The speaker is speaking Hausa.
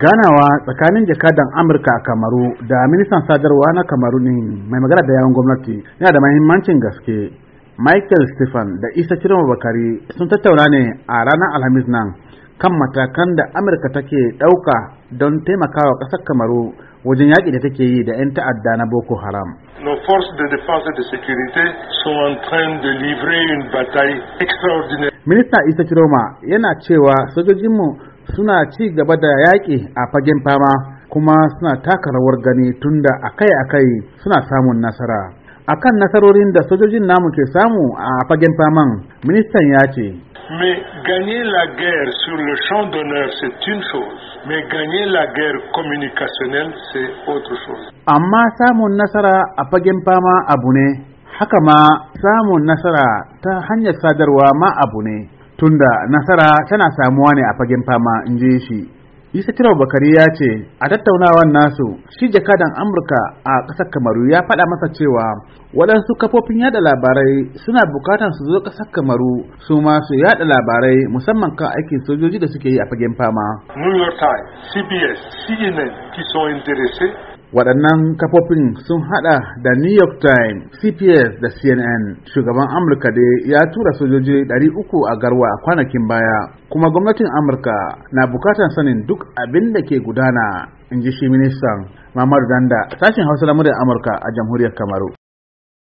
ganawa tsakanin jakadan amurka a kamaru da ministan sadarwa na kamaru ne mai magana da yawon gwamnati yana da mahimmancin gaske michael stephen da isa cirma bakari sun tattauna ne a ranar alhamis nan kan matakan da amurka take ɗauka don taimakawa ƙasar kamaru wajen yaƙi da take yi da 'yan ta'adda na boko haram Nos forces de défense et de sécurité sont en train de livrer une bataille extraordinaire. Minista Isa Kiroma yana cewa sojojinmu suna ci gaba da yaƙi a fagen fama kuma suna taka rawar gani tunda akai-akai suna samun nasara a kan nasarorin da sojojin namu ke samu a fagen faman ministan ya ce Mais gagner la guerre sur le champ d'honneur, c'est une chose, mais la guerre communicationnelle, c'est autre Amma samun nasara a fagen fama abu ne, haka ma samun nasara ta hanyar sadarwa ma abu ne. tunda nasara tana samuwa ne a fagen fama in ji shi Isa kira Bakari ya ce a tattaunawar nasu shi jakadan Amurka a ƙasar Kamaru ya faɗa masa cewa waɗansu kafofin yada labarai suna buƙatar su zo ƙasar Kamaru su ma su yada labarai musamman kan aikin sojoji da suke yi a fagen fama. New York Times, CBS, CNN, qui sont waɗannan kafofin sun haɗa da new york times cps da cnn shugaban amurka da ya tura sojoji ɗari uku a garwa a kwanakin baya kuma gwamnatin amurka na bukatar sanin duk abin da ke gudana in ji shi ministan mamadu danda sashen hausa lamurin amurka a jamhuriyar kamaru